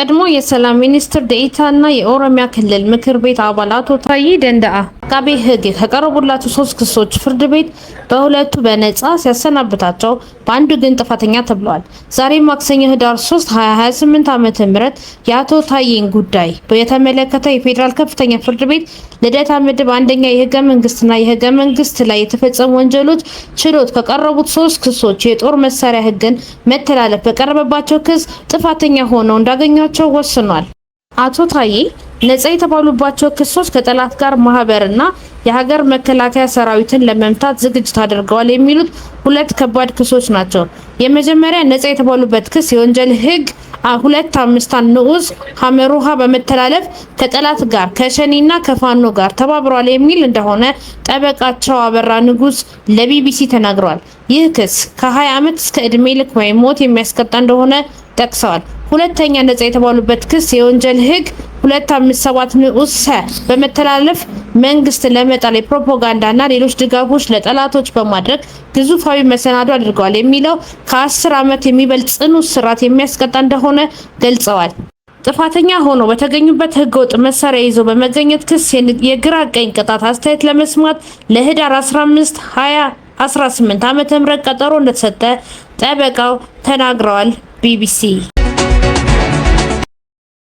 ቀድሞ የሰላም ሚኒስትር ደኢታና የኦሮሚያ ክልል ምክር ቤት አባል አቶ ታዬ ደንደአ አቃቤ ሕግ ከቀረቡላቸው ሶስት ክሶች ፍርድ ቤት በሁለቱ በነጻ ሲያሰናብታቸው በአንዱ ግን ጥፋተኛ ተብለዋል። ዛሬ ማክሰኞ ህዳር 3 2028 ዓመተ ምህረት የአቶ ታዬን ጉዳይ የተመለከተ የፌዴራል ከፍተኛ ፍርድ ቤት ልደታ ምድብ አንደኛ የህገ መንግስትና የህገ መንግስት ላይ የተፈጸሙ ወንጀሎች ችሎት ከቀረቡት ሶስት ክሶች የጦር መሳሪያ ህግን መተላለፍ በቀረበባቸው ክስ ጥፋተኛ ሆነው እንዳገኛቸው ወስኗል። አቶ ታዬ ነጻ የተባሉባቸው ክሶች ከጠላት ጋር ማህበርና የሀገር መከላከያ ሰራዊትን ለመምታት ዝግጅት አድርገዋል የሚሉት ሁለት ከባድ ክሶች ናቸው። የመጀመሪያ ነጻ የተባሉበት ክስ የወንጀል ህግ ሁለት አምስት ንዑስ ሀመሩሃ በመተላለፍ ከጠላት ጋር ከሸኒና ከፋኖ ጋር ተባብሯል የሚል እንደሆነ ጠበቃቸው አበራ ንጉስ ለቢቢሲ ተናግረዋል። ይህ ክስ ከ20 ዓመት እስከ ዕድሜ ልክ ወይም ሞት የሚያስቀጣ እንደሆነ ጠቅሰዋል። ሁለተኛ ነጻ የተባሉበት ክስ የወንጀል ህግ 257 ንዑስ ሰ በመተላለፍ መንግስትን ለመጣል የፕሮፓጋንዳና ሌሎች ድጋፎች ለጠላቶች በማድረግ ግዙፋዊ መሰናዶ አድርገዋል የሚለው ከ10 ዓመት የሚበልጥ ጽኑ እስራት የሚያስቀጣ እንደሆነ ገልጸዋል። ጥፋተኛ ሆኖ በተገኙበት ህገወጥ መሳሪያ ይዞ በመገኘት ክስ የግራ ቀኝ ቅጣት አስተያየት ለመስማት ለህዳር 15 20 18 ቀጠሮ እንደተሰጠ ጠበቃው ተናግረዋል። ቢቢሲ